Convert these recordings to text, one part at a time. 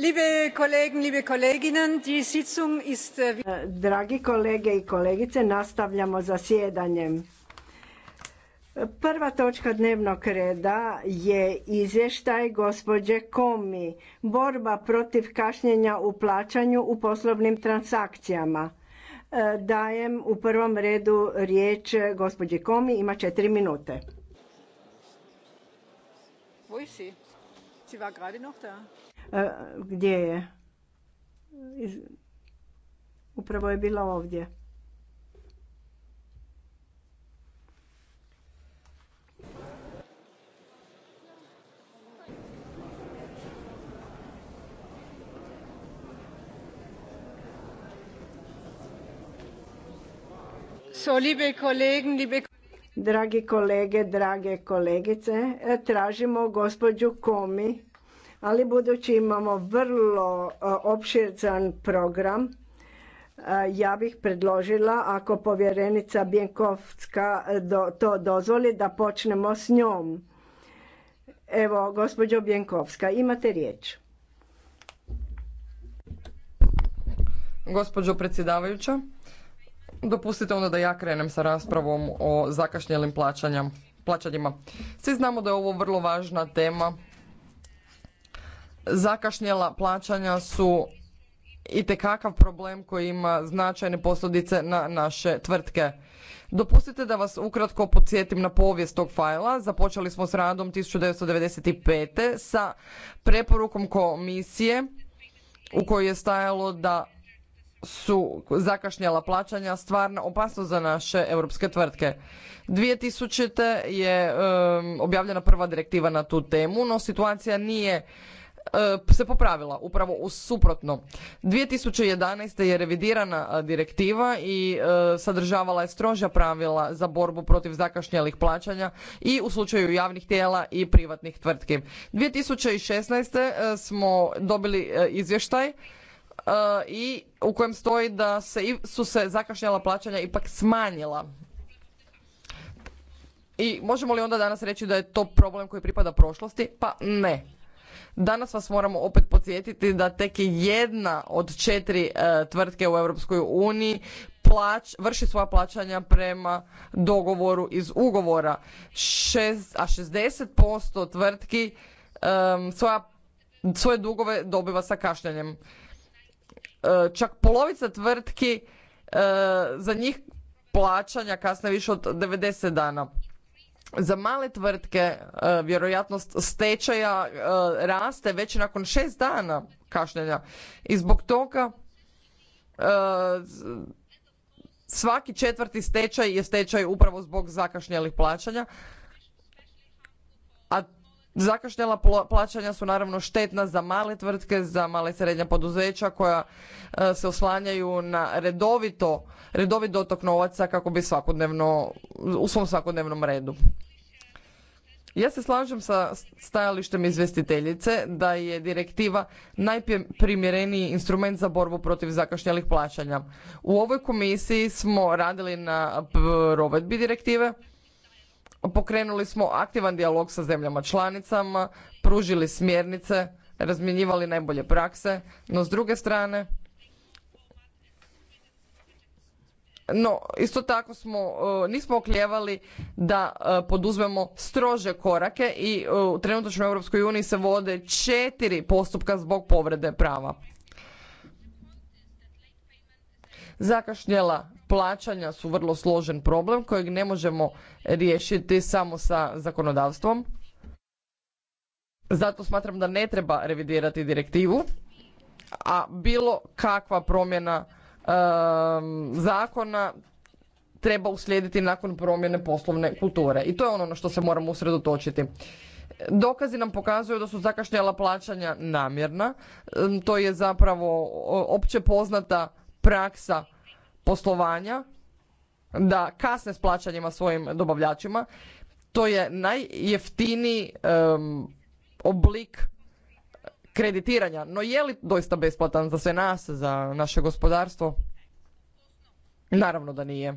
Liebe äh, e, Dragi kolege i kolegice, nastavljamo zasjedanjem. E, prva točka dnevnog reda je izvještaj gospođe Komi, borba protiv kašnjenja u plaćanju u poslovnim transakcijama. E, dajem u prvom redu riječ gospođi Komi, ima četiri minute. E, gdje je? Upravo je bila ovdje. So, Dragi kolege, drage kolegice, e, tražimo gospođu Komi ali budući imamo vrlo e, opširan program, e, ja bih predložila ako povjerenica Bjenkovska e, to dozvoli da počnemo s njom. Evo, gospođo Bjenkovska, imate riječ. Gospođo predsjedavajuća, dopustite onda da ja krenem sa raspravom o zakašnjelim plaćanjima. Svi znamo da je ovo vrlo važna tema Zakašnjela plaćanja su i kakav problem koji ima značajne posljedice na naše tvrtke. Dopustite da vas ukratko podsjetim na povijest tog fajla. Započeli smo s radom 1995. sa preporukom komisije u kojoj je stajalo da su zakašnjela plaćanja stvarna opasnost za naše europske tvrtke. 2000. je objavljena prva direktiva na tu temu, no situacija nije E, se popravila upravo u suprotno. 2011. je revidirana e, direktiva i e, sadržavala je stroža pravila za borbu protiv zakašnjelih plaćanja i u slučaju javnih tijela i privatnih tvrtki. 2016. smo dobili izvještaj i u kojem stoji da se, su se zakašnjela plaćanja ipak smanjila. I možemo li onda danas reći da je to problem koji pripada prošlosti? Pa ne Danas vas moramo opet podsjetiti da tek jedna od četiri e, tvrtke u Europskoj uniji plać, vrši svoja plaćanja prema dogovoru iz ugovora. Šest, a 60% tvrtki e, svoje dugove dobiva sa kašljanjem. E, čak polovica tvrtki za njih plaćanja kasne više od 90 dana za male tvrtke e, vjerojatnost stečaja e, raste već nakon šest dana kašnjenja i zbog toga e, svaki četvrti stečaj je stečaj upravo zbog zakašnjelih plaćanja Zakašnjela plaćanja su naravno štetna za male tvrtke, za male i srednja poduzeća koja e, se oslanjaju na redovito, redovit dotok novaca kako bi svakodnevno, u svom svakodnevnom redu. Ja se slažem sa stajalištem izvjestiteljice da je direktiva najprimjereniji instrument za borbu protiv zakašnjelih plaćanja. U ovoj komisiji smo radili na provedbi direktive, Pokrenuli smo aktivan dijalog sa zemljama članicama, pružili smjernice, razmjenjivali najbolje prakse, no s druge strane no isto tako smo e, nismo oklijevali da e, poduzmemo strože korake i e, u u Europskoj uniji se vode četiri postupka zbog povrede prava. Zakašnjela plaćanja su vrlo složen problem kojeg ne možemo riješiti samo sa zakonodavstvom. Zato smatram da ne treba revidirati direktivu, a bilo kakva promjena ehm, zakona treba uslijediti nakon promjene poslovne kulture. I to je ono na što se moramo usredotočiti. Dokazi nam pokazuju da su zakašnjela plaćanja namjerna. Ehm, to je zapravo opće poznata praksa poslovanja da kasne s plaćanjima svojim dobavljačima to je najjeftiniji um, oblik kreditiranja no je li doista besplatan za sve nas za naše gospodarstvo naravno da nije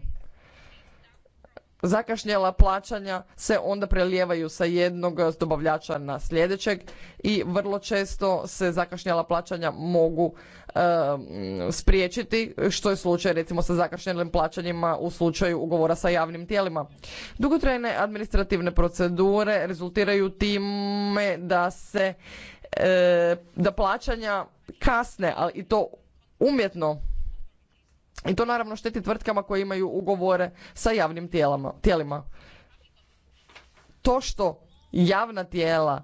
zakašnjela plaćanja se onda prelijevaju sa jednog dobavljača na sljedećeg i vrlo često se zakašnjela plaćanja mogu spriječiti što je slučaj recimo sa zakašnjelim plaćanjima u slučaju ugovora sa javnim tijelima dugotrajne administrativne procedure rezultiraju time da se da plaćanja kasne ali i to umjetno i to naravno šteti tvrtkama koje imaju ugovore sa javnim tijelama, tijelima. To što javna tijela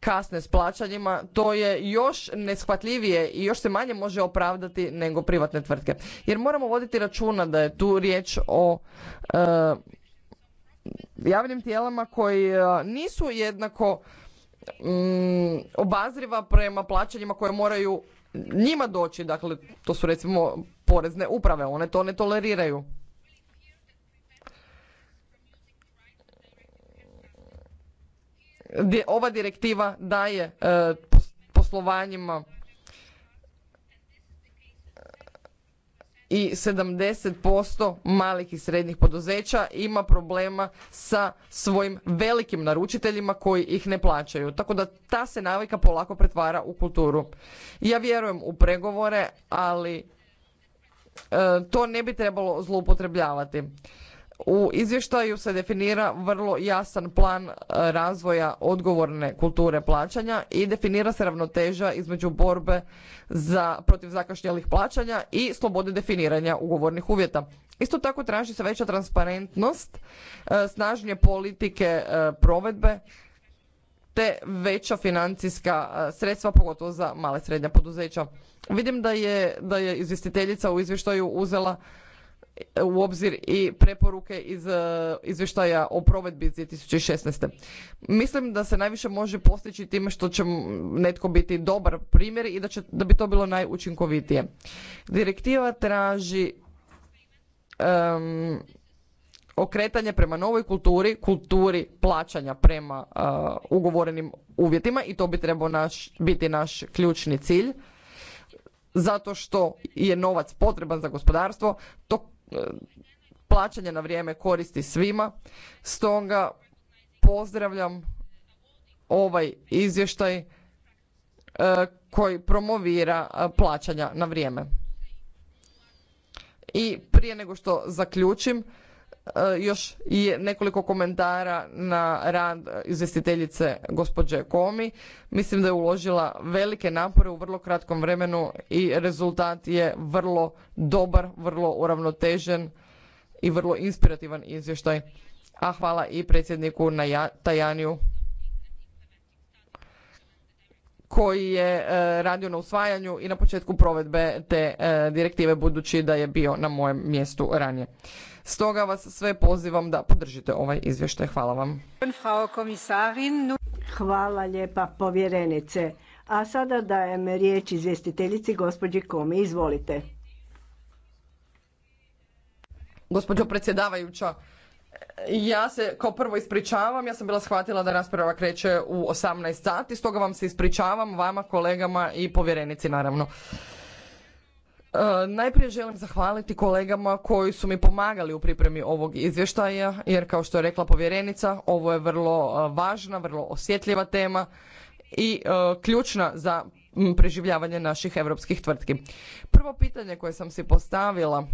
kasne s plaćanjima, to je još neshvatljivije i još se manje može opravdati nego privatne tvrtke. Jer moramo voditi računa da je tu riječ o e, javnim tijelama koji e, nisu jednako mm, obazriva prema plaćanjima koje moraju njima doći, dakle to su recimo porezne uprave, one to ne toleriraju. Ova direktiva daje e, poslovanjima i 70% malih i srednjih poduzeća ima problema sa svojim velikim naručiteljima koji ih ne plaćaju. Tako da ta se navika polako pretvara u kulturu. Ja vjerujem u pregovore, ali e, to ne bi trebalo zloupotrebljavati. U izvještaju se definira vrlo jasan plan e, razvoja odgovorne kulture plaćanja i definira se ravnoteža između borbe za protiv zakašnjelih plaćanja i slobode definiranja ugovornih uvjeta. Isto tako traži se veća transparentnost, e, snažnije politike e, provedbe te veća financijska sredstva, pogotovo za male srednja poduzeća. Vidim da je, da je izvjestiteljica u izvještaju uzela u obzir i preporuke iz e, izvještaja o provedbi iz 2016. Mislim da se najviše može postići time što će netko biti dobar primjer i da, će, da bi to bilo najučinkovitije. Direktiva traži okretanje prema novoj kulturi, kulturi plaćanja prema e, ugovorenim uvjetima i to bi trebao naš, biti naš ključni cilj zato što je novac potreban za gospodarstvo, to E, plaćanje na vrijeme koristi svima. Stoga pozdravljam ovaj izvještaj e, koji promovira e, plaćanja na vrijeme. I prije nego što zaključim E, još i nekoliko komentara na rad izvjestiteljice gospođe Komi. Mislim da je uložila velike napore u vrlo kratkom vremenu i rezultat je vrlo dobar, vrlo uravnotežen i vrlo inspirativan izvještaj. A hvala i predsjedniku na Tajaniju koji je e, radio na usvajanju i na početku provedbe te e, direktive budući da je bio na mojem mjestu ranije. Stoga vas sve pozivam da podržite ovaj izvještaj. Hvala vam. Hvala lijepa povjerenice. A sada dajem riječ izvjestiteljici gospođi Komi. Izvolite. Gospođo predsjedavajuća, ja se kao prvo ispričavam, ja sam bila shvatila da rasprava kreće u 18 sati, stoga vam se ispričavam, vama, kolegama i povjerenici naravno. E, najprije želim zahvaliti kolegama koji su mi pomagali u pripremi ovog izvještaja, jer kao što je rekla povjerenica, ovo je vrlo e, važna, vrlo osjetljiva tema i e, ključna za preživljavanje naših europskih tvrtki. Prvo pitanje koje sam si postavila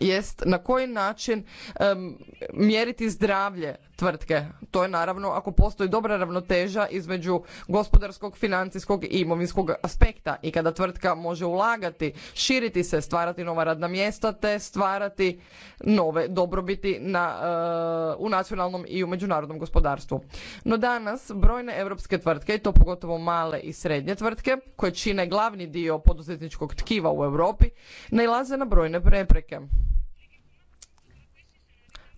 jest na koji način mjeriti zdravlje tvrtke. To je naravno ako postoji dobra ravnoteža između gospodarskog, financijskog i imovinskog aspekta i kada tvrtka može ulagati, širiti se, stvarati nova radna mjesta te stvarati nove dobrobiti na, eh, u nacionalnom i u međunarodnom gospodarstvu. No danas brojne europske tvrtke i to pogotovo male i srednje tvrtke koje čine glavni dio poduzetničkog tkiva u Europi nailaze na brojne prepreke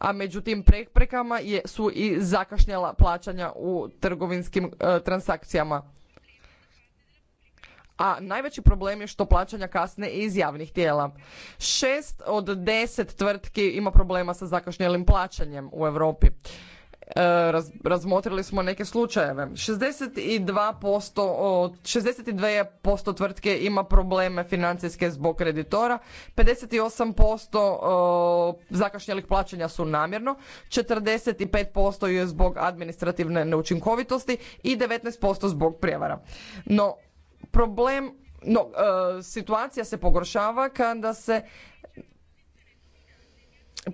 a među tim preprekama je, su i zakašnjela plaćanja u trgovinskim e, transakcijama. A najveći problem je što plaćanja kasne iz javnih tijela. Šest od deset tvrtki ima problema sa zakašnjelim plaćanjem u Europi. Eh, razmotrili smo neke slučajeve. 62%, 62% tvrtke ima probleme financijske zbog kreditora, 58% zakašnjelih plaćanja su namjerno, 45% je zbog administrativne neučinkovitosti i 19% zbog prijevara. No, problem no, eh, situacija se pogoršava kada se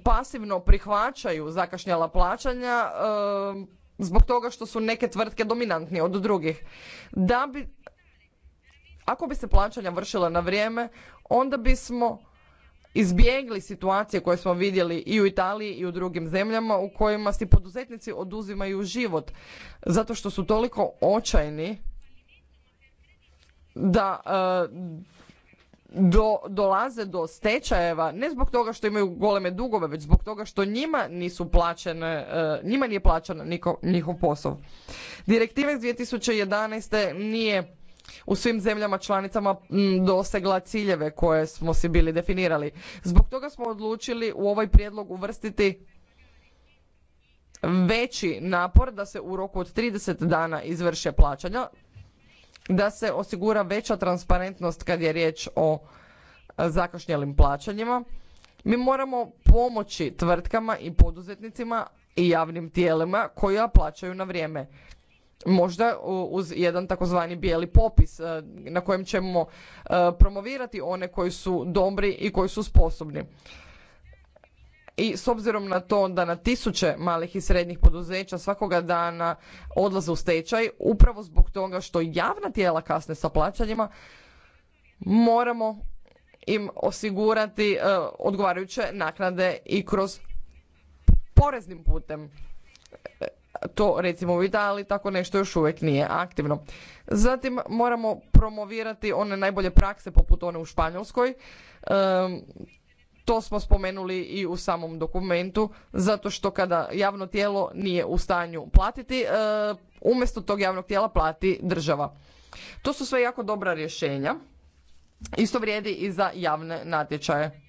pasivno prihvaćaju zakašnjala plaćanja zbog toga što su neke tvrtke dominantnije od drugih. Da bi, ako bi se plaćanja vršila na vrijeme, onda bismo izbjegli situacije koje smo vidjeli i u Italiji i u drugim zemljama u kojima si poduzetnici oduzimaju život zato što su toliko očajni da do, dolaze do stečajeva ne zbog toga što imaju goleme dugove, već zbog toga što njima nisu plaćene, e, njima nije plaćan niko, njihov posao. Direktiva iz 2011. nije u svim zemljama članicama dosegla ciljeve koje smo si bili definirali. Zbog toga smo odlučili u ovaj prijedlog uvrstiti veći napor da se u roku od 30 dana izvrše plaćanja da se osigura veća transparentnost kad je riječ o e, zakašnjelim plaćanjima. Mi moramo pomoći tvrtkama i poduzetnicima i javnim tijelima koja plaćaju na vrijeme. Možda uz jedan takozvani bijeli popis e, na kojem ćemo e, promovirati one koji su dobri i koji su sposobni i s obzirom na to da na tisuće malih i srednjih poduzeća svakoga dana odlaze u stečaj upravo zbog toga što javna tijela kasne sa plaćanjima moramo im osigurati e, odgovarajuće naknade i kroz poreznim putem e, to recimo u Italiji tako nešto još uvijek nije aktivno. Zatim moramo promovirati one najbolje prakse poput one u Španjolskoj. E, to smo spomenuli i u samom dokumentu, zato što kada javno tijelo nije u stanju platiti, e, umjesto tog javnog tijela plati država. To su sve jako dobra rješenja. Isto vrijedi i za javne natječaje.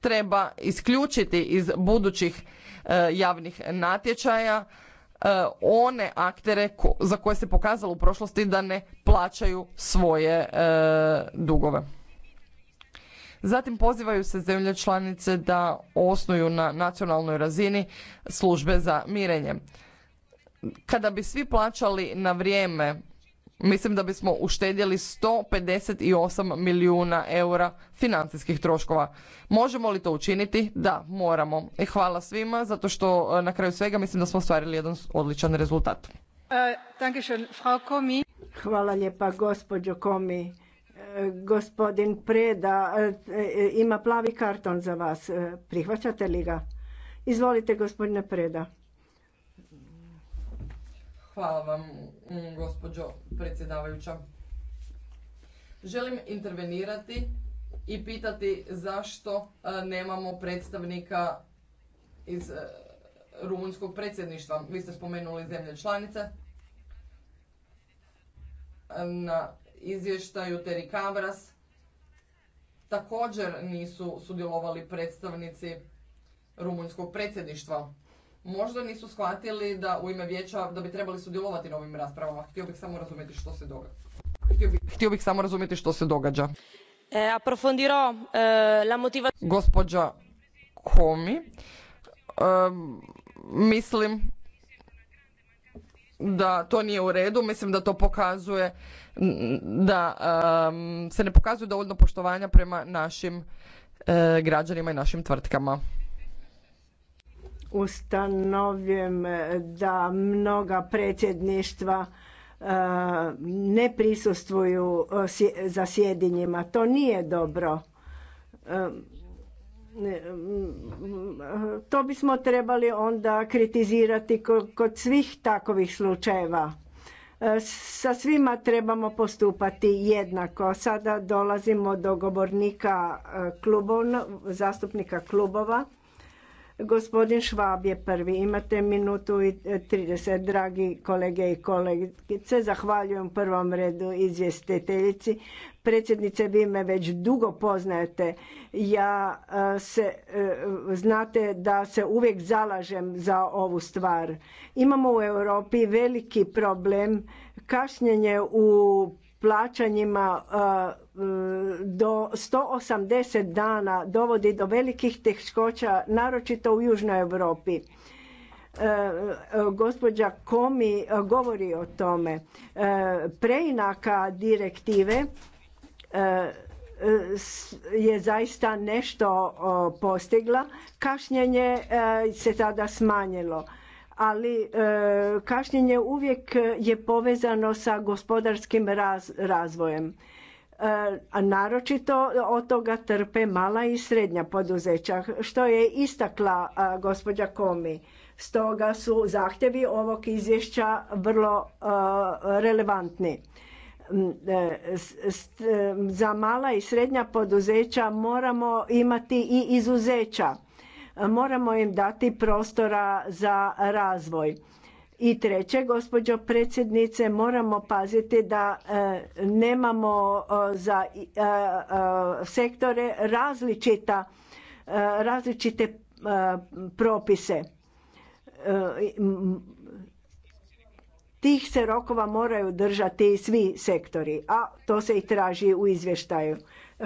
Treba isključiti iz budućih e, javnih natječaja e, one aktere za koje se pokazalo u prošlosti da ne plaćaju svoje dugove. Zatim pozivaju se zemlje članice da osnuju na nacionalnoj razini službe za mirenje. Kada bi svi plaćali na vrijeme, mislim da bismo uštedjeli 158 milijuna eura financijskih troškova. Možemo li to učiniti? Da, moramo. I e, hvala svima zato što e, na kraju svega mislim da smo ostvarili jedan odličan rezultat. E, hvala lijepa gospođo Komi. Gospodin Preda e, e, ima plavi karton za vas. E, prihvaćate li ga? Izvolite, gospodine Preda. Hvala vam, gospođo predsjedavajuća. Želim intervenirati i pitati zašto nemamo predstavnika iz rumunjskog predsjedništva. Vi ste spomenuli zemlje članice. Na izvještaju Teri Kavras također nisu sudjelovali predstavnici rumunjskog predsjedništva. Možda nisu shvatili da u ime vijeća da bi trebali sudjelovati na ovim raspravama. Htio bih samo razumjeti što se događa. Htio bih, htio bih samo razumjeti što se događa. E, la motiva... Gospođa Komi, eh, mislim da to nije u redu, mislim da to pokazuje da se ne pokazuje dovoljno poštovanja prema našim e, građanima i našim tvrtkama. Ustanovljujem e, da mnoga predsjedništva e, ne prisustvuju za sjedinjima. To nije dobro. to bismo trebali onda kritizirati kod svih takovih slučajeva E, sa svima trebamo postupati jednako. Sada dolazimo do govornika e, zastupnika klubova. Gospodin Švab je prvi. Imate minutu i 30, dragi kolege i kolegice. Zahvaljujem prvom redu izvjestiteljici. Predsjednice, vi me već dugo poznajete. Ja e, se, e, znate da se uvijek zalažem za ovu stvar. Imamo u Europi veliki problem kašnjenje u plaćanjima e, do 180 dana dovodi do velikih teškoća, naročito u Južnoj Europi. E, e, gospođa Komi govori o tome. Preinaka direktive je zaista nešto postigla. Kašnjenje se tada smanjilo ali e, kašnjenje uvijek je povezano sa gospodarskim razvojem. E, a naročito od toga trpe mala i srednja poduzeća, što je istakla e, gospođa Komi. Stoga su zahtjevi ovog izvješća vrlo relevantni. Mm, za mala i srednja poduzeća moramo imati i izuzeća Moramo im dati prostora za razvoj. I treće, gospođo predsjednice, moramo paziti da nemamo za sektore različite propise. Tih se rokova moraju držati svi sektori, a to se i traži u izvještaju.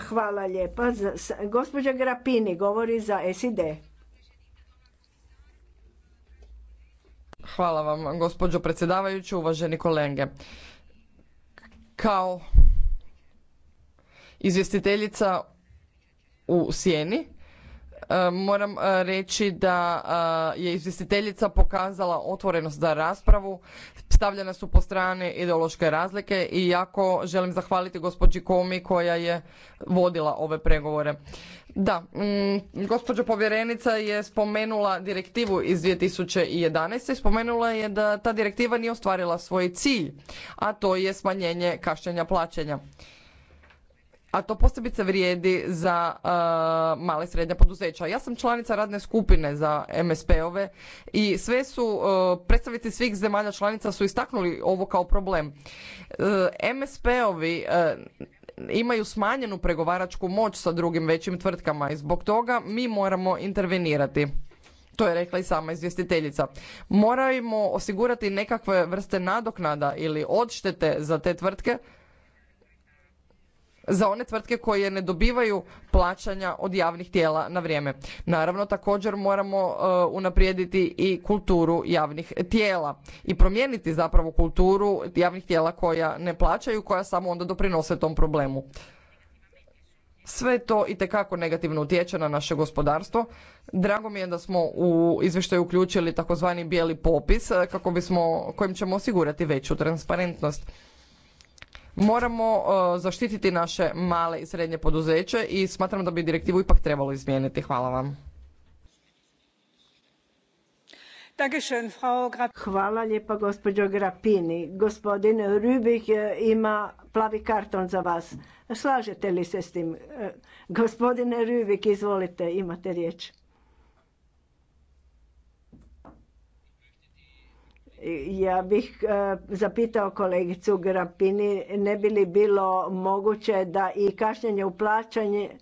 Hvala lijepa. Gospođa Grapini govori za SID. Hvala vam, gospođo predsjedavajući, uvaženi kolege. Kao izvjestiteljica u Sjeni, E, moram e, reći da e, je izvjestiteljica pokazala otvorenost za raspravu stavljene su po strane ideološke razlike i jako želim zahvaliti gospođi komi koja je vodila ove pregovore da mm, gospođa povjerenica je spomenula direktivu iz 2011. i spomenula je da ta direktiva nije ostvarila svoj cilj a to je smanjenje kašnjenja plaćanja a to posebice vrijedi za uh, male i srednja poduzeća. Ja sam članica radne skupine za MSP-ove i sve su uh, predstavnici svih zemalja članica su istaknuli ovo kao problem. Uh, MSP-ovi uh, imaju smanjenu pregovaračku moć sa drugim većim tvrtkama i zbog toga mi moramo intervenirati. To je rekla i sama izvjestiteljica. Moramo osigurati nekakve vrste nadoknada ili odštete za te tvrtke za one tvrtke koje ne dobivaju plaćanja od javnih tijela na vrijeme. Naravno također moramo e, unaprijediti i kulturu javnih tijela i promijeniti zapravo kulturu javnih tijela koja ne plaćaju, koja samo onda doprinose tom problemu. Sve to i tekako negativno utječe na naše gospodarstvo. Drago mi je da smo u izvještaju uključili takozvani bijeli popis e, kako bismo, kojim ćemo osigurati veću transparentnost. Moramo e, zaštititi naše male i srednje poduzeće i smatram da bi direktivu ipak trebalo izmijeniti. Hvala vam. Hvala lijepa gospođo Grapini. Gospodin Rubik e, ima plavi karton za vas. Slažete li se s tim? E, gospodine Rubik, izvolite, imate riječ. Ja bih e, zapitao kolegicu Grapini ne bi li bilo moguće da i kašnjenje u plaćanje e,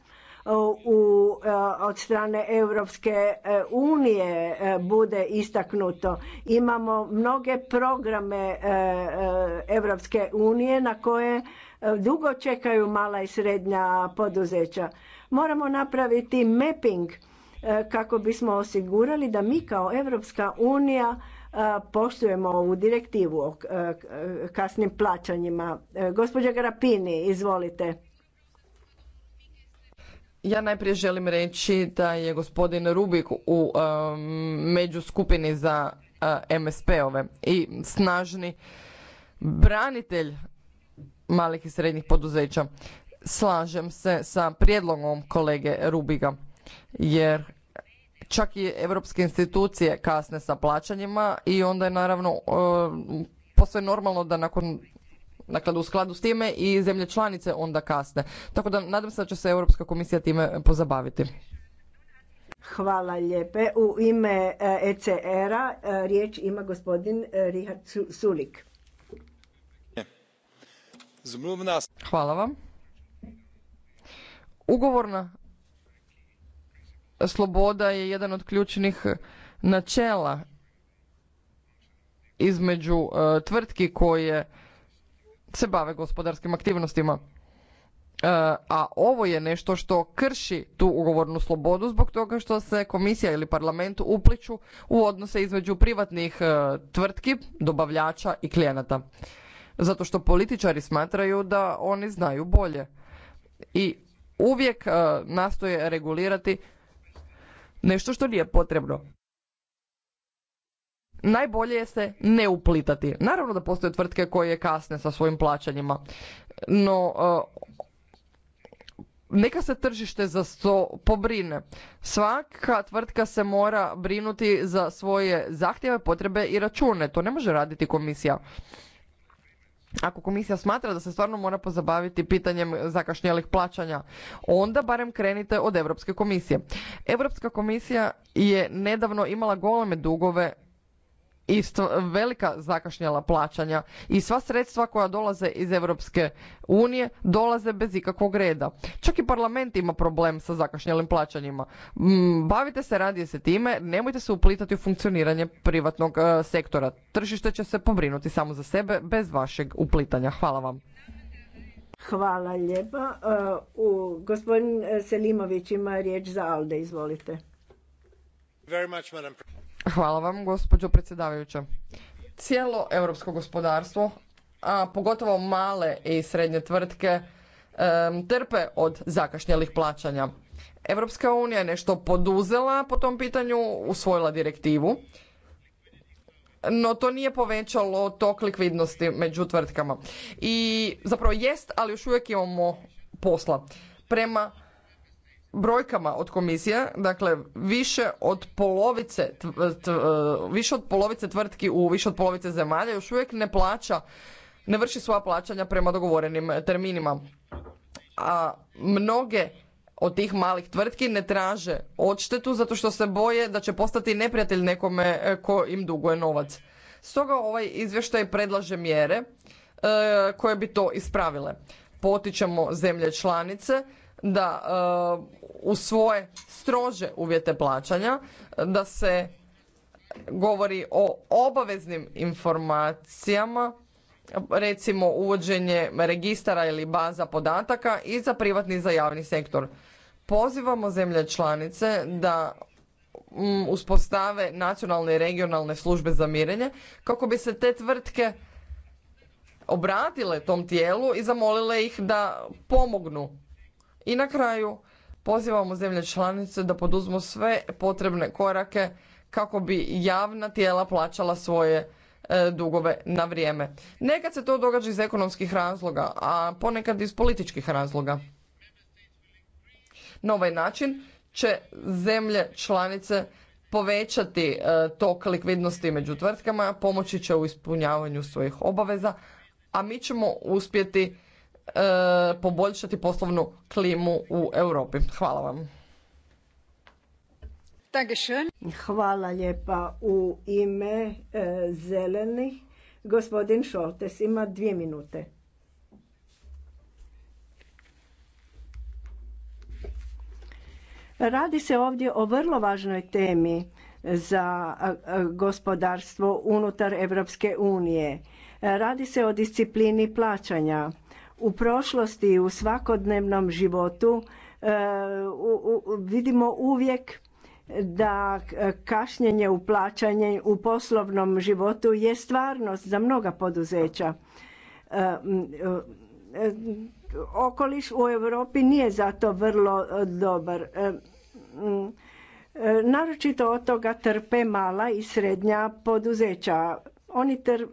u, e, od strane Europske unije bude istaknuto. Imamo mnoge programe Europske unije na koje dugo čekaju mala i srednja poduzeća. Moramo napraviti mapping kako bismo osigurali da mi kao Europska unija poštujemo ovu direktivu o kasnim plaćanjima. E, gospođa Garapini, izvolite. Ja najprije želim reći da je gospodin Rubik u um, međuskupini za uh, MSP-ove i snažni branitelj malih i srednjih poduzeća. Slažem se sa prijedlogom kolege Rubiga jer čak i europske institucije kasne sa plaćanjima i onda je naravno e, posve normalno da nakon dakle u skladu s time i zemlje članice onda kasne. Tako da nadam se da će se Europska komisija time pozabaviti. Hvala lijepe. U ime ECR-a e e, riječ ima gospodin Richard Sulik. Hvala vam. Ugovorna sloboda je jedan od ključnih načela između e, tvrtki koje se bave gospodarskim aktivnostima. E, a ovo je nešto što krši tu ugovornu slobodu zbog toga što se komisija ili parlament upliču u odnose između privatnih e, tvrtki, dobavljača i klijenata. Zato što političari smatraju da oni znaju bolje. I uvijek nastoje regulirati nešto što nije potrebno. Najbolje je se ne uplitati. Naravno da postoje tvrtke koje kasne sa svojim plaćanjima, no e, neka se tržište za to pobrine. Svaka tvrtka se mora brinuti za svoje zahtjeve, potrebe i račune. To ne može raditi komisija ako komisija smatra da se stvarno mora pozabaviti pitanjem zakašnjelih plaćanja, onda barem krenite od Europske komisije. Europska komisija je nedavno imala goleme dugove isto velika zakašnjela plaćanja i sva sredstva koja dolaze iz Europske unije dolaze bez ikakvog reda. Čak i parlament ima problem sa zakašnjelim plaćanjima. Mm, bavite se radije se time, nemojte se uplitati u funkcioniranje privatnog e, sektora. Tržište će se pobrinuti samo za sebe bez vašeg uplitanja. Hvala vam. Hvala lijepa. Uh, gospodin Selimović ima riječ za Alde, izvolite. Hvala vam, gospođo predsjedavajuća. Cijelo europsko gospodarstvo, a pogotovo male i srednje tvrtke, trpe od zakašnjelih plaćanja. Europska unija je nešto poduzela po tom pitanju, usvojila direktivu, no to nije povećalo tok likvidnosti među tvrtkama. I zapravo jest, ali još uvijek imamo posla. Prema brojkama od komisija, dakle više od polovice više od polovice tvrtki u više od polovice zemalja još uvijek ne plaća, ne vrši svoja plaćanja prema dogovorenim terminima. A mnoge od tih malih tvrtki ne traže odštetu zato što se boje da će postati neprijatelj nekome e, ko im duguje novac. Stoga ovaj izvještaj predlaže mjere e, koje bi to ispravile. Potičemo zemlje članice da e, u svoje strože uvjete plaćanja, da se govori o obaveznim informacijama, recimo uvođenje registara ili baza podataka i za privatni i za javni sektor. Pozivamo zemlje članice da mm, uspostave nacionalne i regionalne službe za mirenje kako bi se te tvrtke obratile tom tijelu i zamolile ih da pomognu i na kraju pozivamo zemlje članice da poduzmu sve potrebne korake kako bi javna tijela plaćala svoje e, dugove na vrijeme. Nekad se to događa iz ekonomskih razloga, a ponekad iz političkih razloga. Na ovaj način će zemlje članice povećati e, tok likvidnosti među tvrtkama, pomoći će u ispunjavanju svojih obaveza, a mi ćemo uspjeti E, poboljšati poslovnu klimu u Europi. Hvala vam. Hvala lijepa. U ime e, zelenih gospodin Šoltes ima dvije minute. Radi se ovdje o vrlo važnoj temi za e, gospodarstvo unutar Europske unije. Radi se o disciplini plaćanja u prošlosti i u svakodnevnom životu e, vidimo uvijek da kašnjenje u u poslovnom životu je stvarnost za mnoga poduzeća. E, e, okoliš u Europi nije zato vrlo dobar. Naročito od toga trpe mala i srednja poduzeća.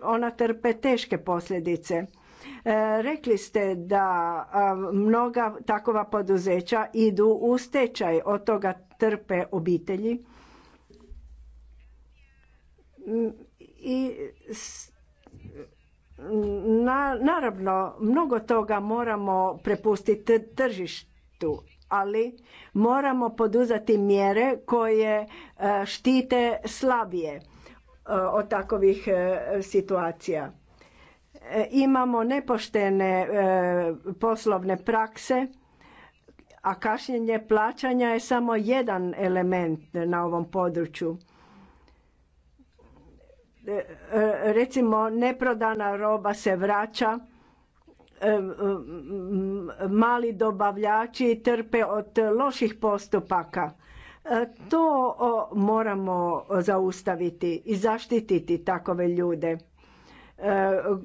ona trpe teške posljedice. E, rekli ste da mnoga takova poduzeća idu u stečaj, od toga trpe obitelji i na, naravno mnogo toga moramo prepustiti tržištu ali moramo poduzeti mjere koje e, štite slabije e, od takovih situacija imamo nepoštene e, poslovne prakse a kašnjenje plaćanja je samo jedan element na ovom području e, e, recimo neprodana roba se vraća mali dobavljači trpe od loših postupaka to moramo zaustaviti i zaštititi takove ljude E,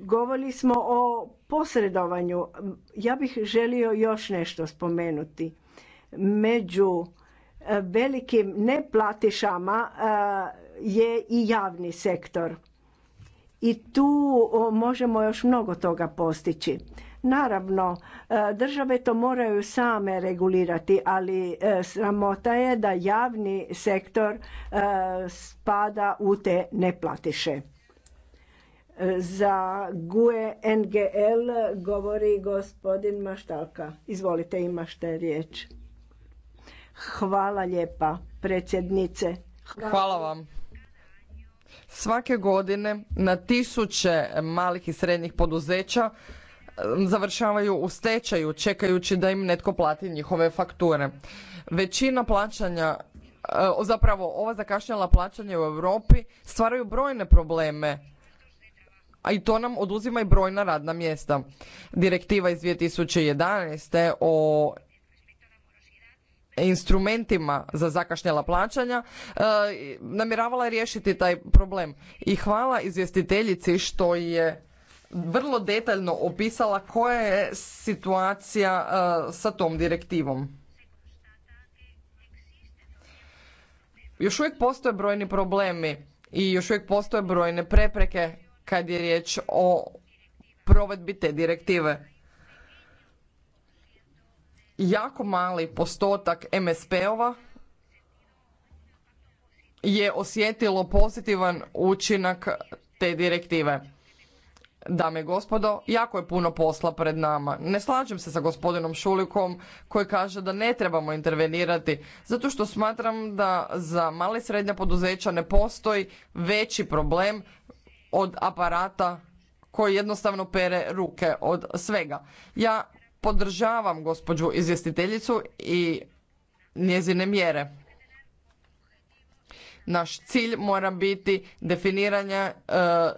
govorili smo o posredovanju. Ja bih želio još nešto spomenuti. Među e, velikim neplatišama e, je i javni sektor. I tu možemo još mnogo toga postići. Naravno, države to moraju same regulirati, ali sramota je da javni sektor spada u te neplatiše. Za GUE NGL govori gospodin Maštalka. Izvolite, imašte riječ. Hvala lijepa, predsjednice. Hvala, Hvala vam. Svake godine na tisuće malih i srednjih poduzeća e, završavaju u stečaju čekajući da im netko plati njihove fakture. Većina plaćanja e, zapravo ova zakašnjala plaćanja u Europi stvaraju brojne probleme a i to nam oduzima i brojna radna mjesta. Direktiva iz 2011. o instrumentima za zakašnjela plaćanja namiravala e, namjeravala je riješiti taj problem. I hvala izvjestiteljici što je vrlo detaljno opisala koja je situacija e, sa tom direktivom. Još uvijek postoje brojni problemi i još uvijek postoje brojne prepreke kad je riječ o provedbi te direktive. Jako mali postotak MSP-ova je osjetilo pozitivan učinak te direktive. Dame i gospodo, jako je puno posla pred nama. Ne slažem se sa gospodinom Šulikom koji kaže da ne trebamo intervenirati, zato što smatram da za male i srednja poduzeća ne postoji veći problem od aparata koji jednostavno pere ruke od svega. Ja podržavam gospođu izvjestiteljicu i njezine mjere. Naš cilj mora biti definiranje e,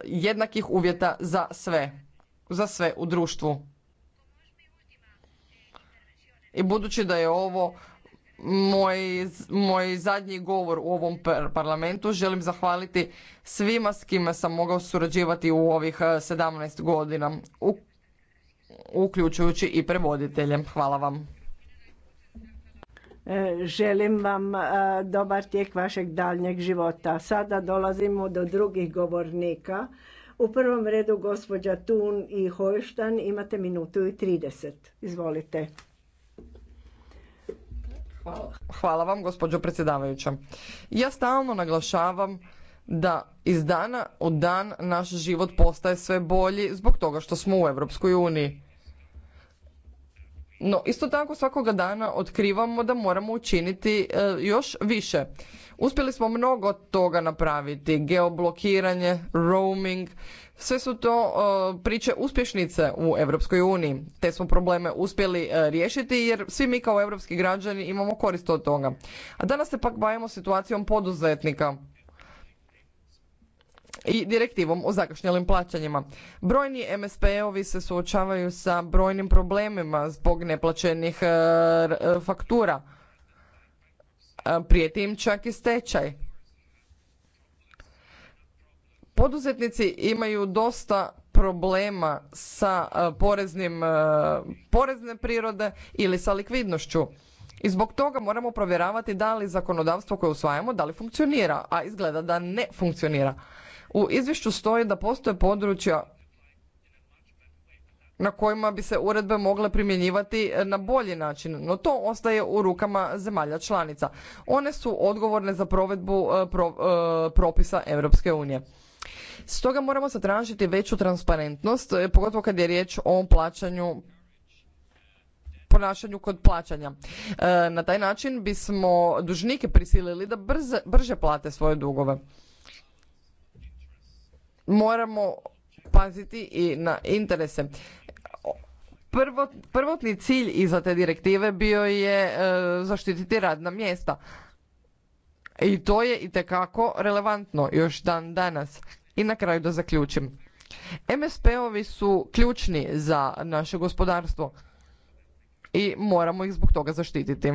jednakih uvjeta za sve, za sve u društvu. I budući da je ovo moj, moj zadnji govor u ovom parlamentu. Želim zahvaliti svima s kime sam mogao surađivati u ovih 17 eh, godina, uključujući i prevoditeljem. Hvala vam. E, želim vam eh, dobar tijek vašeg daljnjeg života. Sada dolazimo do drugih govornika. U prvom redu gospođa Tun i Hojštan imate minutu i 30. Izvolite. Hvala, vam, gospođo predsjedavajuća. Ja stalno naglašavam da iz dana u dan naš život postaje sve bolji zbog toga što smo u Europskoj uniji. No, isto tako svakoga dana otkrivamo da moramo učiniti e, još više. Uspjeli smo mnogo toga napraviti, geoblokiranje, roaming, sve su to e, priče uspješnice u Europskoj uniji. Te smo probleme uspjeli e, riješiti jer svi mi kao europski građani imamo korist od toga. A danas se pak bavimo situacijom poduzetnika i direktivom o zakašnjelim plaćanjima. Brojni MSP-ovi se suočavaju sa brojnim problemima zbog neplaćenih e, faktura prijeti im čak i stečaj. Poduzetnici imaju dosta problema sa poreznim, porezne prirode ili sa likvidnošću. I zbog toga moramo provjeravati da li zakonodavstvo koje usvajamo, da li funkcionira, a izgleda da ne funkcionira. U izvješću stoji da postoje područja na kojima bi se uredbe mogle primjenjivati e, na bolji način, no to ostaje u rukama zemalja članica. One su odgovorne za provedbu e, e, propisa Europske unije. Stoga moramo zatražiti veću transparentnost, pogotovo kad je riječ o plaćanju ponašanju kod plaćanja. na taj način bismo dužnike prisilili da brže plate svoje dugove. Moramo paziti i na interese prvotni cilj iza te direktive bio je e, zaštititi radna mjesta. I to je i itekako relevantno još dan danas. I na kraju da zaključim. MSP-ovi su ključni za naše gospodarstvo i moramo ih zbog toga zaštititi.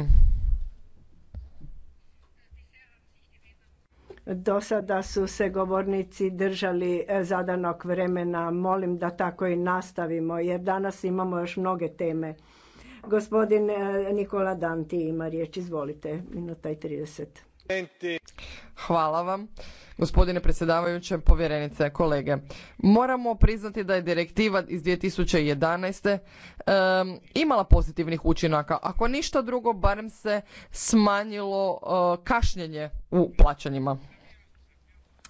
Do sada su se govornici držali e, zadanog vremena. Molim da tako i nastavimo jer danas imamo još mnoge teme. Gospodin e, Nikola Danti ima riječ. Izvolite, minuta i 30. Hvala vam, gospodine predsjedavajuće, povjerenice, kolege. Moramo priznati da je direktiva iz 2011. Um, imala pozitivnih učinaka. Ako ništa drugo, barem se smanjilo e, kašnjenje u plaćanjima.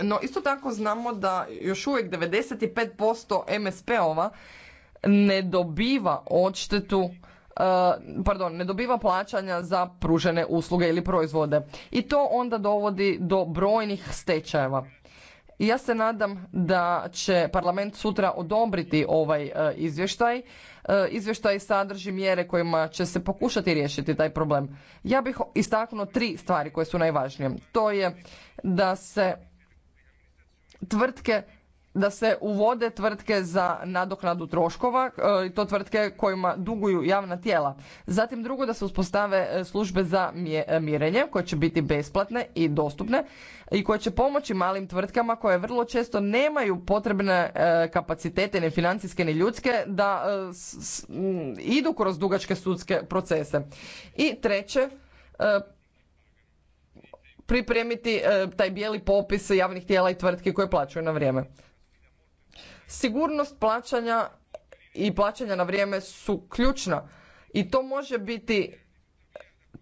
No, isto tako znamo da još uvijek 95% MSP-ova ne dobiva odštetu E, pardon, ne dobiva plaćanja za pružene usluge ili proizvode. I to onda dovodi do brojnih stečajeva. ja se nadam da će parlament sutra odobriti ovaj e, izvještaj. E, izvještaj sadrži mjere kojima će se pokušati riješiti taj problem. Ja bih istaknuo tri stvari koje su najvažnije. To je da se tvrtke da se uvode tvrtke za nadoknadu troškova e, i to tvrtke kojima duguju javna tijela. Zatim drugo da se uspostave e, službe za e, mirenje koje će biti besplatne i dostupne i koje će pomoći malim tvrtkama koje vrlo često nemaju potrebne kapacitete ni financijske ni ljudske da idu kroz dugačke sudske procese. I treće pripremiti taj bijeli popis javnih tijela i tvrtki koje plaćaju na vrijeme. Sigurnost plaćanja i plaćanja na vrijeme su ključna i to može biti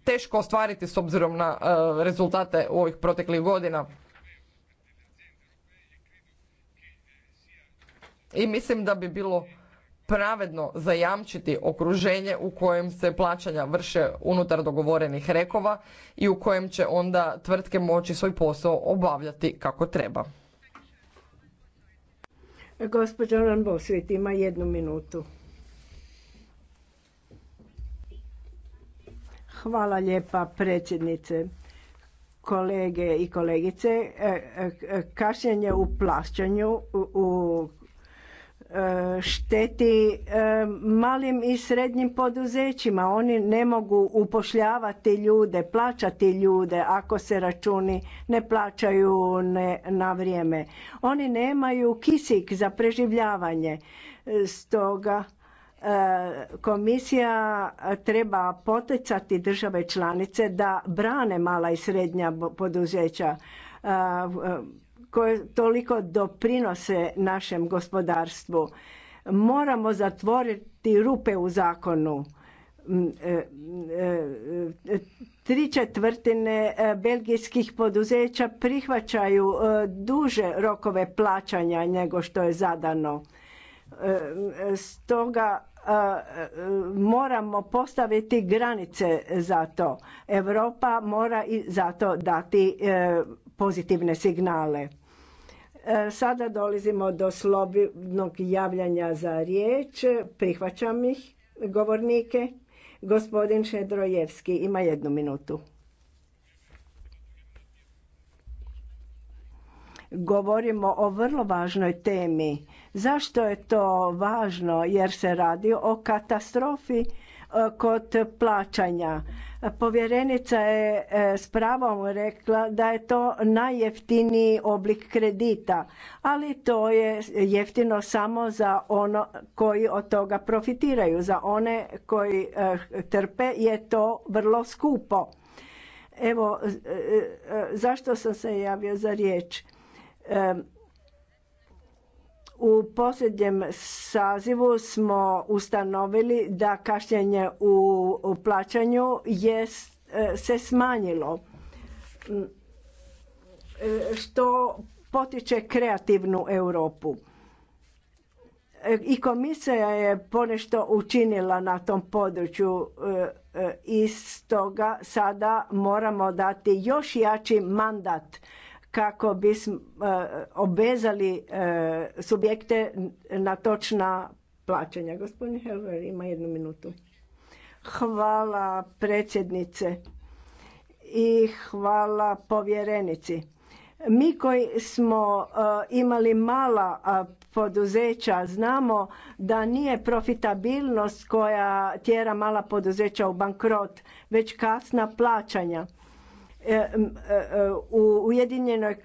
teško ostvariti s obzirom na e, rezultate ovih proteklih godina. I mislim da bi bilo pravedno zajamčiti okruženje u kojem se plaćanja vrše unutar dogovorenih rekova i u kojem će onda tvrtke moći svoj posao obavljati kako treba. Gospođa Oran Bosvit ima jednu minutu. Hvala lijepa predsjednice, kolege i kolegice. E, e, e, kašnjenje u plaćanju u E, šteti e, malim i srednjim poduzećima. Oni ne mogu upošljavati ljude, plaćati ljude ako se računi ne plaćaju na vrijeme. Oni nemaju kisik za preživljavanje. Stoga e, komisija treba poticati države članice da brane mala i srednja poduzeća koje toliko doprinose našem gospodarstvu. Moramo zatvoriti rupe u zakonu. Mm, e, mm, e, tri četvrtine e, belgijskih poduzeća prihvaćaju duže rokove plaćanja nego što je zadano. Mm, stoga moramo postaviti granice za to. Europa mora i zato dati pozitivne signale. E, sada dolazimo do slobodnog javljanja za riječ. Prihvaćam ih, govornike. Gospodin Šedrojevski ima jednu minutu. Govorimo o vrlo važnoj temi. Zašto je to važno? Jer se radi o katastrofi kod plaćanja. Povjerenica je e, s pravom rekla da je to najjeftiniji oblik kredita, ali to je jeftino samo za ono koji od toga profitiraju. Za one koji e, trpe je to vrlo skupo. Evo, e, zašto sam se javio za riječ? U posljednjem sazivu smo ustanovili da kašnjenje u plaćanju e, se smanjilo e, što potiče kreativnu Europu. E, I komisija je ponešto učinila na tom području i stoga sada moramo dati još jači mandat kako bismo eh, obvezali eh, subjekte na točna plaćanja. Gospodin Helver ima jednu minutu. Hvala predsjednice i hvala povjerenici. Mi koji smo eh, imali mala poduzeća znamo da nije profitabilnost koja tjera mala poduzeća u bankrot, već kasna plaćanja E, e, e, u Ujedinjenoj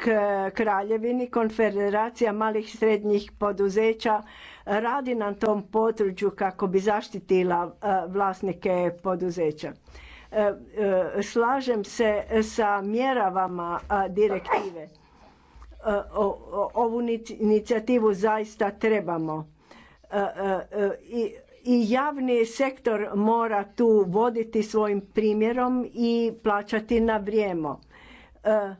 kraljevini konfederacija malih i srednjih poduzeća radi na tom području kako bi zaštitila vlasnike poduzeća. Slažem se sa mjeravama direktive. Ovu inicijativu zaista trebamo i i javni sektor mora tu voditi svojim primjerom i plaćati na vrijeme. E, e,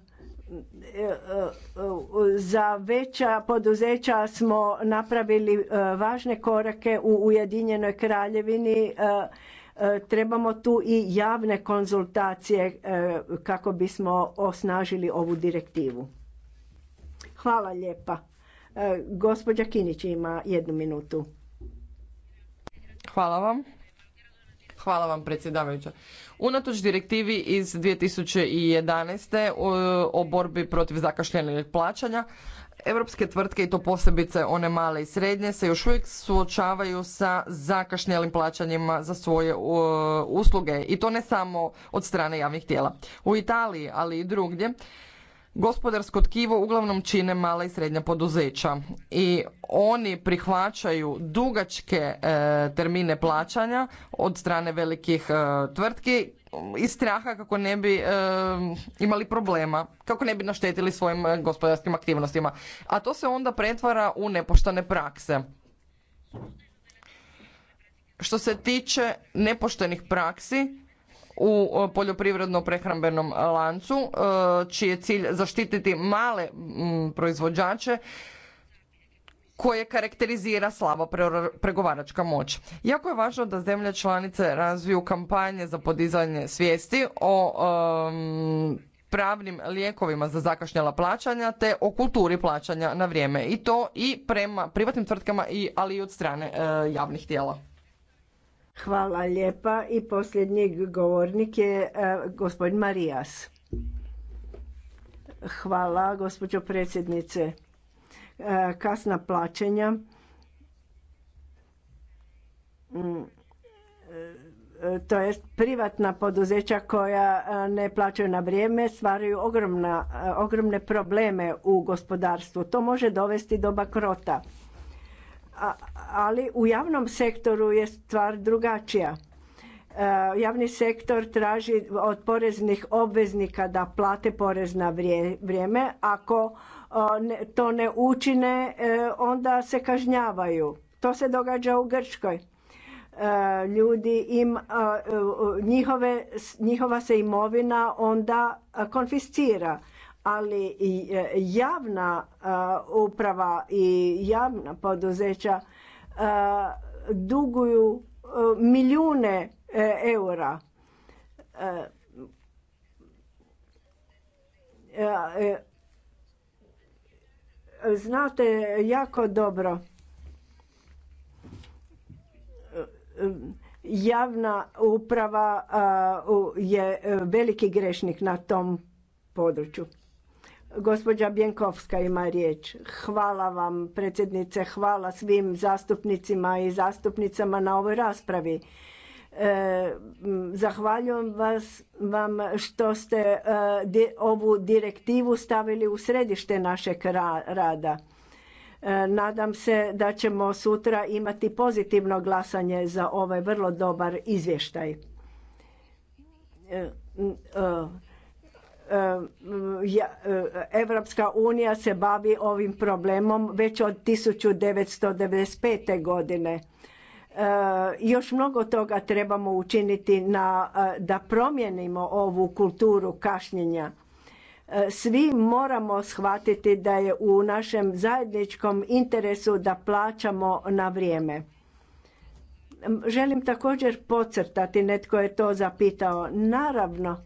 za veća poduzeća smo napravili e, važne korake u Ujedinjenoj kraljevini. Trebamo tu i javne konzultacije kako bismo osnažili ovu direktivu. Hvala lijepa. Gospođa Kinić ima jednu minutu. Hvala vam. Hvala vam predsjedavajuća. Unatoč direktivi iz 2011. E, o borbi protiv zakašljenih plaćanja, europske tvrtke i to posebice one male i srednje se još uvijek suočavaju sa zakašnjelim plaćanjima za svoje e, usluge i to ne samo od strane javnih tijela. U Italiji, ali i drugdje, Gospodarsko tkivo uglavnom čine mala i srednja poduzeća i oni prihvaćaju dugačke e, termine plaćanja od strane velikih e, tvrtki iz straha kako ne bi e, imali problema, kako ne bi naštetili svojim gospodarskim aktivnostima. A to se onda pretvara u nepoštene prakse. Što se tiče nepoštenih praksi, u poljoprivredno-prehrambenom lancu, e, čiji je cilj zaštititi male proizvođače koje karakterizira slaba pregovaračka moć. Jako je važno da zemlje članice razviju kampanje za podizanje svijesti o pravnim lijekovima za zakašnjala plaćanja te o kulturi plaćanja na vrijeme i to i prema privatnim tvrtkama ali i od strane e, javnih tijela. Hvala lijepa i posljednji govornik je e, gospodin Marijas. Hvala gospođo predsjednice. E, kasna plaćanja mm, e, to je privatna poduzeća koja ne plaćaju na vrijeme stvaraju ogromne probleme u gospodarstvu. To može dovesti do bakrota ali u javnom sektoru je stvar drugačija. E, javni sektor traži od poreznih obveznika da plate porez na vrijeme. Ako e, to ne učine, e, onda se kažnjavaju. To se događa u Grčkoj. Ljudi im, njihove, njihova se imovina onda konfiscira ali i e, javna e, uprava i javna poduzeća e, duguju milijune eura znate jako dobro javna uprava je veliki grešnik na tom području Gospođa Bjenkovska ima riječ. Hvala vam predsjednice, hvala svim zastupnicima i zastupnicama na ovoj raspravi. E, zahvaljujem vas vam što ste e, ovu direktivu stavili u središte našeg rada. E, nadam se da ćemo sutra imati pozitivno glasanje za ovaj vrlo dobar izvještaj Eh, eh, Evropska unija se bavi ovim problemom već od 1995. godine. Eh, još mnogo toga trebamo učiniti da promijenimo ovu kulturu kašnjenja. Svi moramo shvatiti da je u našem zajedničkom interesu da plaćamo na vrijeme. Želim također podcrtati, netko je to zapitao, naravno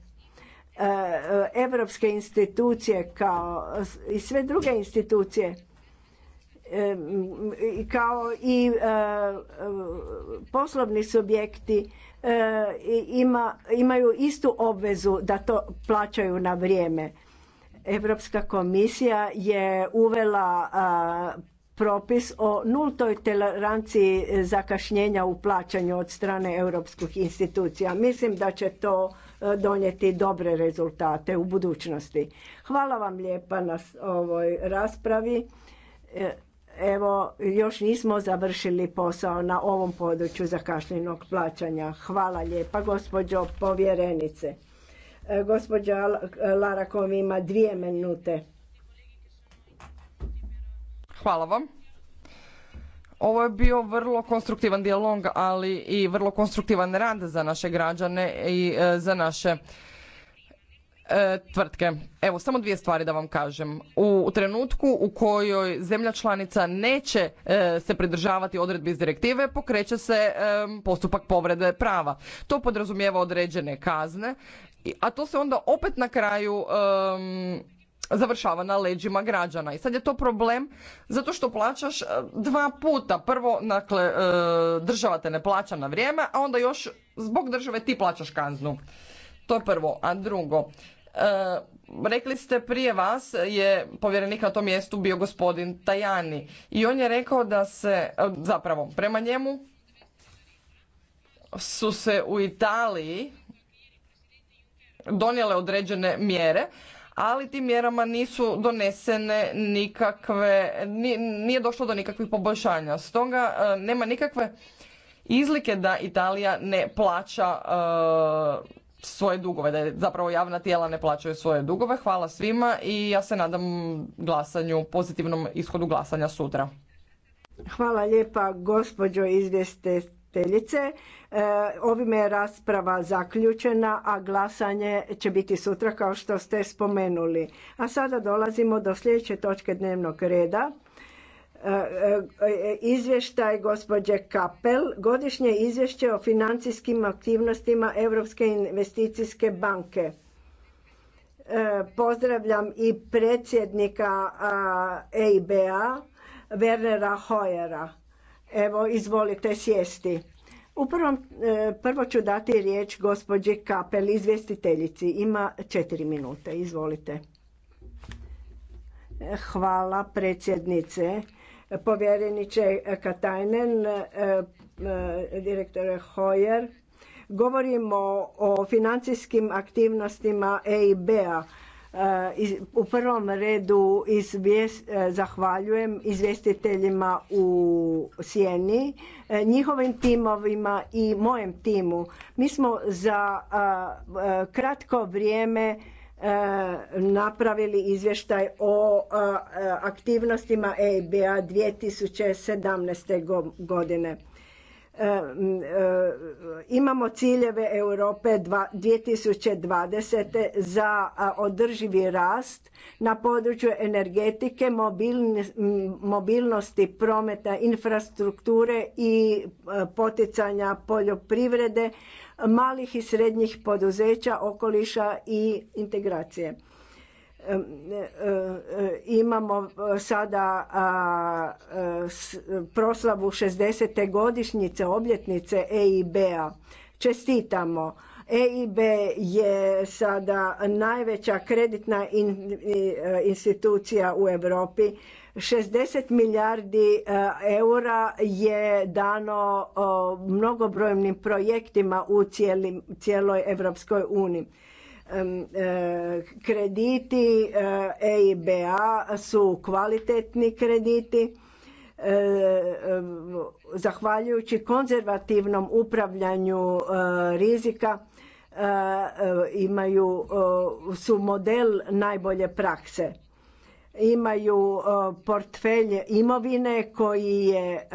europske institucije kao i sve druge institucije e, kao i e, poslovni subjekti e, imaju istu obvezu da to plaćaju na vrijeme. Europska komisija je uvela propis o nultoj toleranciji zakašnjenja u plaćanju od strane europskih institucija. Mislim da će to e, donijeti dobre rezultate u budućnosti. Hvala vam lijepa na ovoj raspravi. E, evo, još nismo završili posao na ovom području zakašnjenog plaćanja. Hvala lijepa, gospođo povjerenice. E, gospođa Lara ima dvije minute. Hvala vam. Ovo je bio vrlo konstruktivan dijalog, ali i vrlo konstruktivan rad za naše građane i e, za naše e, tvrtke. Evo, samo dvije stvari da vam kažem. U trenutku u kojoj zemlja članica neće e, se pridržavati odredbi iz direktive, pokreće se postupak povrede prava. To podrazumijeva određene kazne, a to se onda opet na kraju završava na leđima građana. I sad je to problem zato što plaćaš e, dva puta. Prvo, dakle, e, država te ne plaća na vrijeme, a onda još zbog države ti plaćaš kaznu. To je prvo. A drugo, e, rekli ste prije vas je povjerenik na tom mjestu bio gospodin Tajani i on je rekao da se zapravo prema njemu su se u Italiji donijele određene mjere ali tim mjerama nisu donesene nikakve, nije došlo do nikakvih poboljšanja. Stoga e, nema nikakve izlike da Italija ne plaća e, svoje dugove, da je zapravo javna tijela ne plaćaju svoje dugove. Hvala svima i ja se nadam glasanju, pozitivnom ishodu glasanja sutra. Hvala lijepa gospođo izvjeste predsjedateljice. E, ovime je rasprava zaključena, a glasanje će biti sutra kao što ste spomenuli. A sada dolazimo do sljedeće točke dnevnog reda. E, e, izvještaj gospođe Kapel, godišnje izvješće o financijskim aktivnostima Europske investicijske banke. Pozdravljam i predsjednika EIB-a Wernera Hoyera. Evo, izvolite sjesti. U e, prvo ću dati riječ gospođi Kapel, izvjestiteljici. Ima četiri minute, izvolite. Hvala predsjednice. Povjereniče Katajnen, e, e, direktore Hoyer, govorimo o financijskim aktivnostima EIB-a Eh, u prvom redu eh, zahvaljujem izvjestiteljima u Sjeni, eh, njihovim timovima i mojem timu. Mi smo za kratko vrijeme napravili izvještaj o aktivnostima EIB-a 2017. godine. Eh, mm, eh, imamo ciljeve Europe 2020. za održivi rast na području energetike, mm, mobilnosti, prometa, infrastrukture i eh, poticanja poljoprivrede, malih i srednjih poduzeća, okoliša i integracije. E, e, e, imamo sada proslavu 60. godišnjice obljetnice EIB-a. Čestitamo. EIB je sada najveća kreditna institucija u Europi. 60 milijardi eura je dano mnogobrojnim projektima u cijeloj Europskoj uniji E, krediti EIBA e su kvalitetni krediti. E, zahvaljujući konzervativnom upravljanju rizika imaju, su model najbolje prakse. Imaju portfelj imovine koji je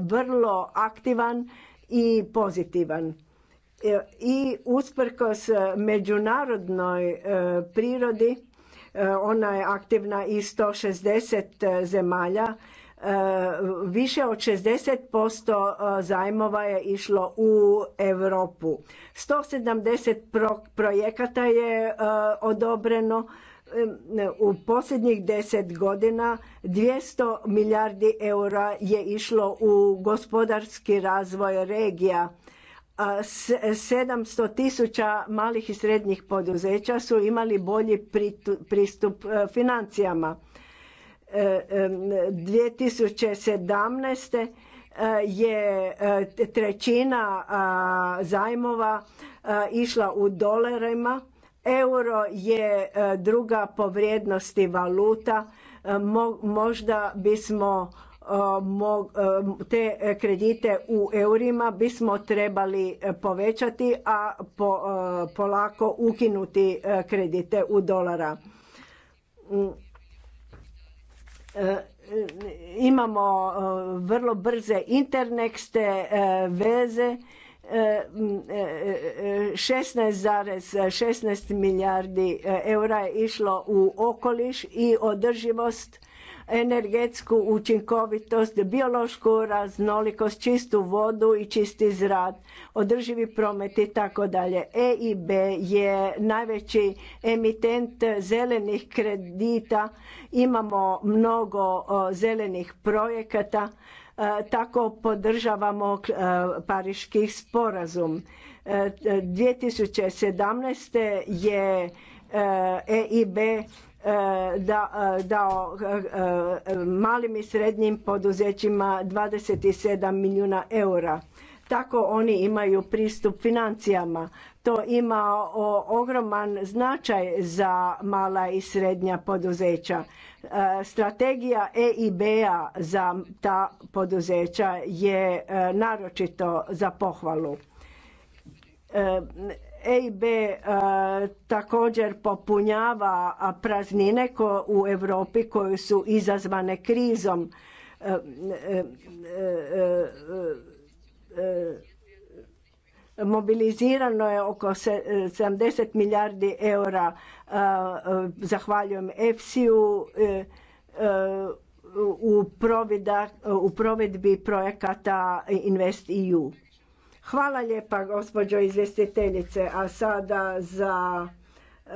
vrlo aktivan i pozitivan E, i usprkos e, međunarodnoj e, prirodi ona je aktivna i 160 zemalja više od 60% zajmova je išlo u Europu. 170 projekata je odobreno u posljednjih 10 godina 200 milijardi eura je išlo u gospodarski razvoj regija 700 tisuća malih i srednjih poduzeća su imali bolji pristup e, financijama. 2017. E, e, je trećina zajmova išla u dolarima. Euro je druga po vrijednosti valuta. Možda bismo E, e, te kredite u eurima bismo trebali povećati, a e, polako ukinuti kredite u dolara. Mm. Imamo vrlo brze internekste veze 16,16 milijardi eura je išlo u okoliš i održivost energetsku učinkovitost, biološku raznolikost, čistu vodu i čisti zrak, održivi promet i tako dalje. EIB je najveći emitent zelenih kredita, imamo mnogo zelenih projekata, e, tako podržavamo e, Pariški sporazum. 2017. E, je EIB E, e, dao e, malim i srednjim poduzećima 27 milijuna eura. Tako oni imaju pristup financijama. To ima ogroman značaj za mala i srednja poduzeća. Strategija EIB-a za ta poduzeća je naročito za pohvalu EIB e, također popunjava praznine u Europi koje su izazvane krizom e, e, mobilizirano je oko 70 milijardi eura zahvaljujem EFSI-u u provedbi projekata eu. Hvala lijepa gospođo izvjestiteljice, a sada za e,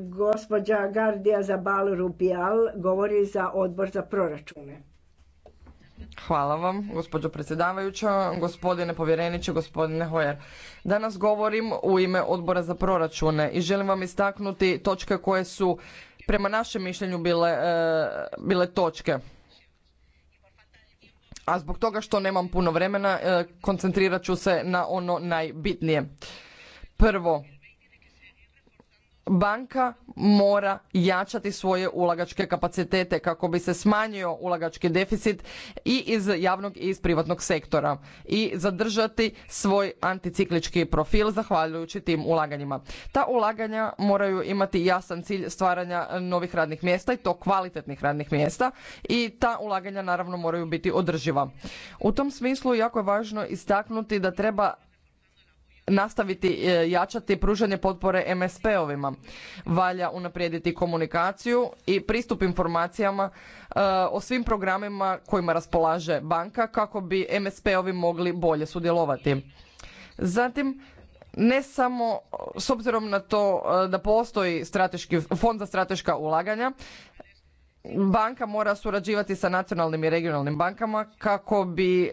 gospođa Gardija bal Rubijal govori za odbor za proračune. Hvala vam, gospođo predsjedavajuća, gospodine povjereniče, gospodine Hojer. Danas govorim u ime odbora za proračune i želim vam istaknuti točke koje su prema našem mišljenju bile, e, bile točke a zbog toga što nemam puno vremena e, koncentrirat ću se na ono najbitnije. Prvo, banka mora jačati svoje ulagačke kapacitete kako bi se smanjio ulagački deficit i iz javnog i iz privatnog sektora i zadržati svoj anticiklički profil zahvaljujući tim ulaganjima. Ta ulaganja moraju imati jasan cilj stvaranja novih radnih mjesta i to kvalitetnih radnih mjesta i ta ulaganja naravno moraju biti održiva. U tom smislu jako je važno istaknuti da treba nastaviti e, jačati pružanje potpore MSP-ovima. Valja unaprijediti komunikaciju i pristup informacijama e, o svim programima kojima raspolaže banka kako bi MSP-ovi mogli bolje sudjelovati. Zatim, ne samo s obzirom na to e, da postoji strateški, fond za strateška ulaganja, banka mora surađivati sa nacionalnim i regionalnim bankama kako bi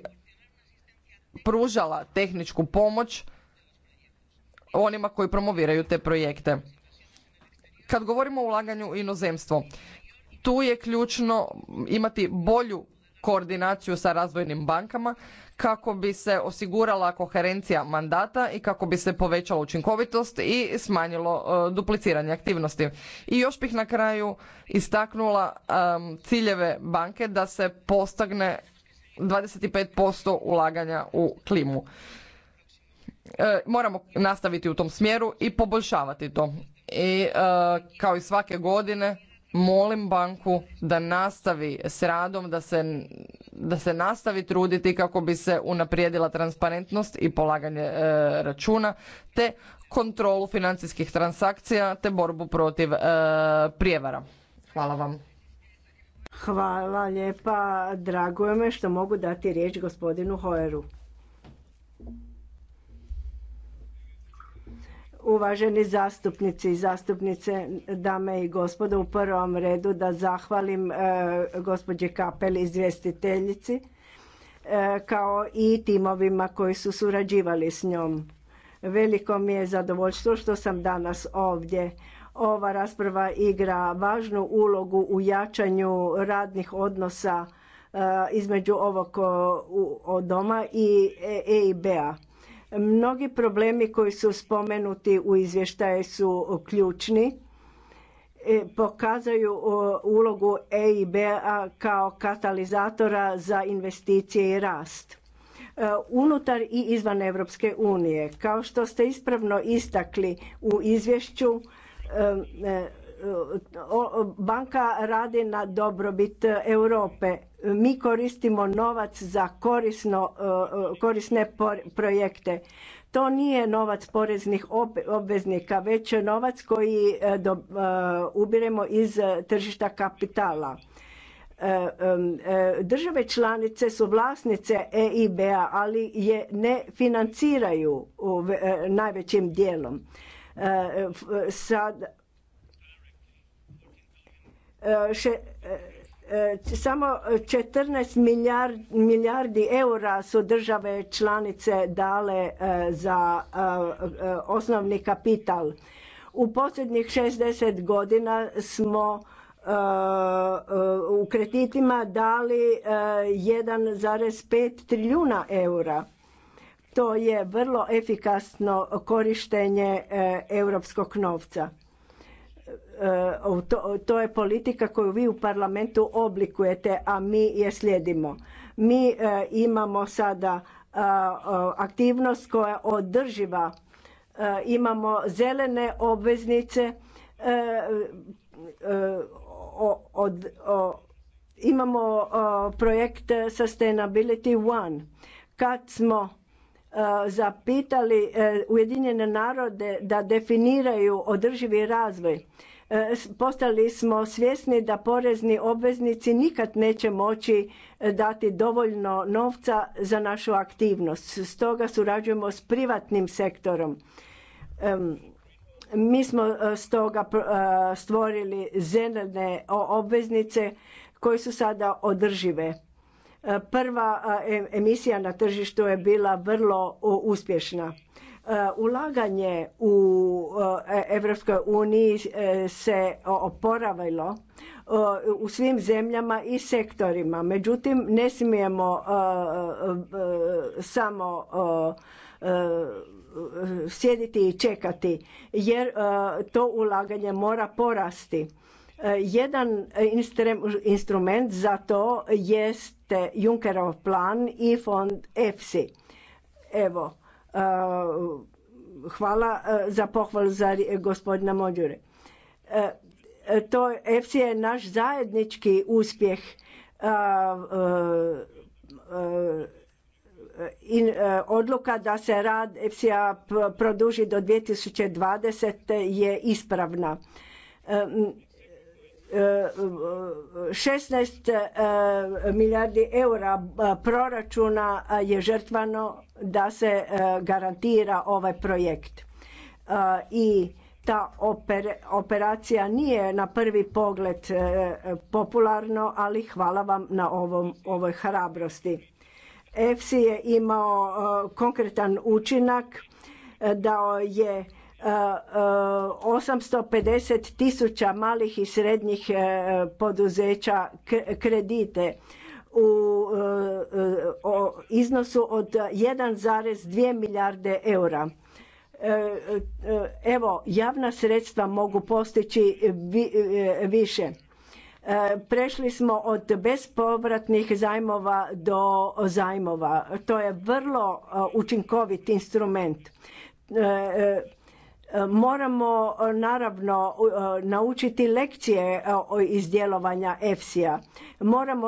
pružala tehničku pomoć onima koji promoviraju te projekte. Kad govorimo o ulaganju u inozemstvo, tu je ključno imati bolju koordinaciju sa razvojnim bankama kako bi se osigurala koherencija mandata i kako bi se povećala učinkovitost i smanjilo e, dupliciranje aktivnosti. I još bih na kraju istaknula ciljeve banke da se postagne 25% ulaganja u klimu. E, moramo nastaviti u tom smjeru i poboljšavati to. I e, kao i svake godine molim banku da nastavi s radom, da se, da se nastavi truditi kako bi se unaprijedila transparentnost i polaganje e, računa, te kontrolu financijskih transakcija, te borbu protiv prijevara. Hvala vam. Hvala lijepa. Drago je me što mogu dati riječ gospodinu Hoeru. Uvaženi zastupnici i zastupnice, dame i gospodo, u prvom redu da zahvalim e, gospođi Kapel, izvjestiteljici, e, kao i timovima koji su surađivali s njom. Veliko mi je zadovoljstvo što sam danas ovdje. Ova rasprava igra važnu ulogu u jačanju radnih odnosa e, između ovog doma i EIB-a Mnogi problemi koji su spomenuti u izvještaju su ključni e, pokazaju ulogu EIB-a kao katalizatora za investicije i rast e, unutar i izvan Europske unije. Kao što ste ispravno istakli u izvješću e, banka radi na dobrobit Europe. Mi koristimo novac za korisno, e, korisne projekte. To nije novac poreznih obveznika, već je novac koji e, e, ubiremo iz tržišta kapitala. Države članice su vlasnice EIB-a, ali je ne financiraju najvećim dijelom. Sad E, e, e, samo 14 milijardi, milijardi eura su države članice dale za osnovni kapital. U posljednjih 60 godina smo u kreditima dali 1,5 trilijuna eura. To je vrlo efikasno korištenje europskog novca. To je politika koju vi u parlamentu oblikujete, a mi je slijedimo. Mi e, imamo sada e, aktivnost koja je održiva. E, imamo zelene obveznice, imamo projekt Sustainability One. Kad smo zapitali Ujedinjene narode da definiraju održivi razvoj, postali smo svjesni da porezni obveznici nikad neće moći e, dati dovoljno novca za našu aktivnost. Stoga surađujemo s privatnim sektorom. Mi smo e, stoga e, stvorili zelene obveznice koje su sada održive. Prva emisija na tržištu je bila vrlo uspješna. E, ulaganje u e, Evropskoj uniji e, se oporavilo u svim zemljama i sektorima. Međutim, ne smijemo samo sjediti i čekati jer to ulaganje mora porasti. Jedan instrument za to jeste Junckerov plan i fond EFSI. Evo, Uh, hvala uh, za pohvalu za gospodina Modjure. Uh, to FC je naš zajednički uspjeh in, odluka da se rad efsi produži do 2020. je ispravna. Um, 16 e, milijardi eura e, proračuna e, je žrtvano da se garantira ovaj projekt. I ta operacija nije na prvi pogled popularno, ali hvala vam na ovom, ovoj hrabrosti. EFSI je imao konkretan učinak, da je 850 tisuća malih i srednjih e, poduzeća kredite u e, iznosu od 1,2 milijarde eura. E, evo, javna sredstva mogu postići više. Prešli smo od bespovratnih zajmova do zajmova. To je vrlo učinkovit instrument Moramo e, naravno e, naučiti lekcije e, iz djelovanja EFSI-a. Moramo